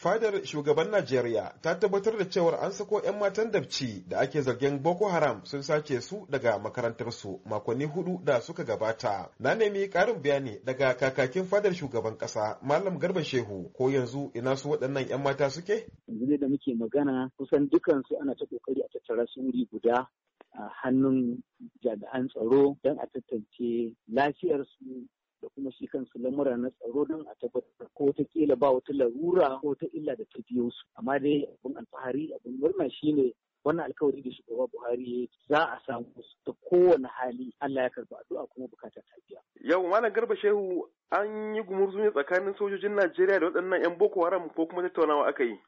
fadar shugaban najeriya ta tabbatar da cewar an sako 'yan matan dabci da ake zargin boko haram sun sace su daga makarantarsu makonni hudu da suka gabata na nemi karin bayani daga kakakin fadar shugaban kasa malam garba shehu ko yanzu ina su waɗannan 'yan mata suke yanzu ne da muke magana kusan dukansu ana ta kokari a tattara su wuri guda a hannun jami'an tsaro don a tantance lafiyarsu da kuma shi kansu lamura na tsaro don a tabbatar ko ta kila ba wata larura ko ta illa da ta biyo su amma dai abin alfahari abin murna shine wannan alkawari da shugaba Buhari za a samu ta kowane hali Allah ya karba addu'a kuma bukata ta biya. Yau Malam Garba Shehu an yi gumurzu tsakanin sojojin Najeriya da waɗannan 'yan Boko Haram ko kuma tattaunawa aka yi.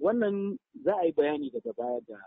Wannan za a yi bayani daga baya ga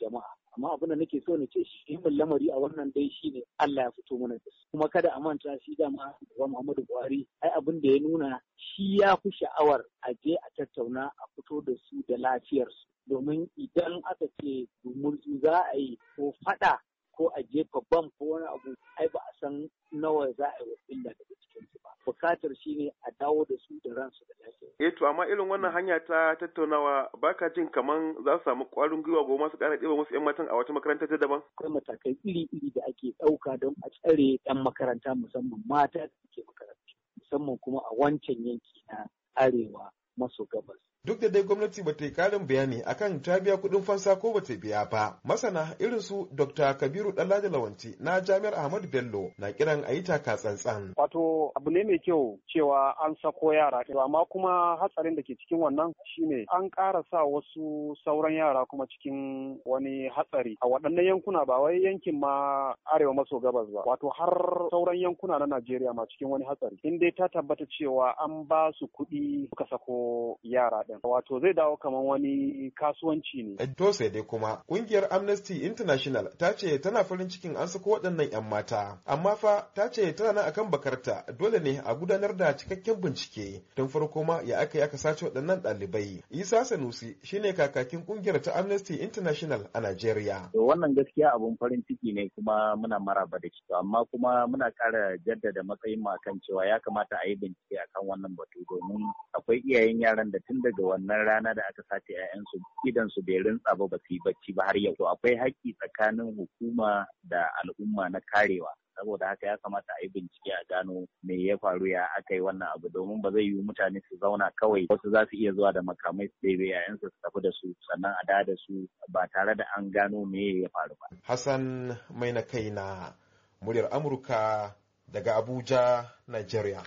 jama'a amma abin da nake so na ce shi lamari a wannan dai shi ne, Allah ya fito mana da kuma kada a manta shi dama ba Muhammadu Buhari ai abin da ya nuna shi ya fi sha'awar a je a tattauna a fito da su da lafiyarsu domin idan aka ce murtsu za a yi ko fada ko a jefa bam ko wani abu ai ba a san nawa za a yi wa illa daga cikinsu ba bukatar shi ne a dawo da su da ransu da Eh to amma irin wannan mm. hanya ta tattaunawa baka jin kaman za su samu ƙwarin gwiwa goma su kara ɗiba musu 'yan matan a wata makaranta ta daban? Akwai matakai iri-iri da ake ɗauka don a tsare 'yan makaranta musamman mata da ke makaranta musamman kuma a wancan yanki na arewa maso gabas. duk da dai gwamnati ba ta yi karin bayani akan ta biya kuɗin fansa ko ba ta biya ba masana irin su dr kabiru ɗanladi lawanci na jami'ar ahmadu bello na kiran a yi taka tsantsan wato abu ne mai kyau cewa an sako yara amma kuma hatsarin da ke cikin wannan shine an ƙara sa wasu sauran yara kuma cikin wani hatsari a waɗannan yankuna ba wai yankin ma arewa maso gabas ba wato har sauran yankuna na najeriya ma cikin wani hatsari in dai ta tabbata cewa an ba su kuɗi suka sako yara ɗin kenan wato zai dawo kamar wani kasuwanci ne eh, to sai dai kuma kungiyar Amnesty International ta ce tana farin cikin an sako waɗannan 'yan mata amma fa ta ce tana nan akan bakarta dole ne a gudanar da cikakken bincike tun farko ma ya aka yi aka sace waɗannan ɗalibai Isa Sanusi shine kakakin kungiyar ta Amnesty International a Najeriya wannan gaskiya abun farin ciki ne kuma muna maraba da shi amma kuma muna ƙara jaddada matsayin mu akan cewa ya kamata a yi bincike akan wannan batu domin akwai iyayen yaran da tun daga daga wannan rana da aka sace 'ya'yansu idan su bai rintsa ba ba su yi bacci ba har yau to akwai haƙƙi tsakanin hukuma da al'umma na karewa saboda haka ya kamata a yi bincike a gano me ya faru ya aka yi wannan abu domin ba zai yiwu mutane su zauna kawai wasu za su iya zuwa da makamai su ɗebe yayansu su tafi da su sannan a da su ba tare da an gano me ya faru ba. Hassan mai na kai na muryar Amurka daga Abuja, Nigeria.